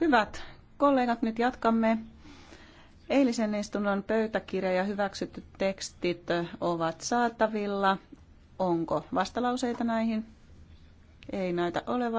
Hyvät kollegat, nyt jatkamme. Eilisen istunnon pöytäkirja ja hyväksytyt tekstit ovat saatavilla. Onko vastalauseita näihin? Ei näitä olevan.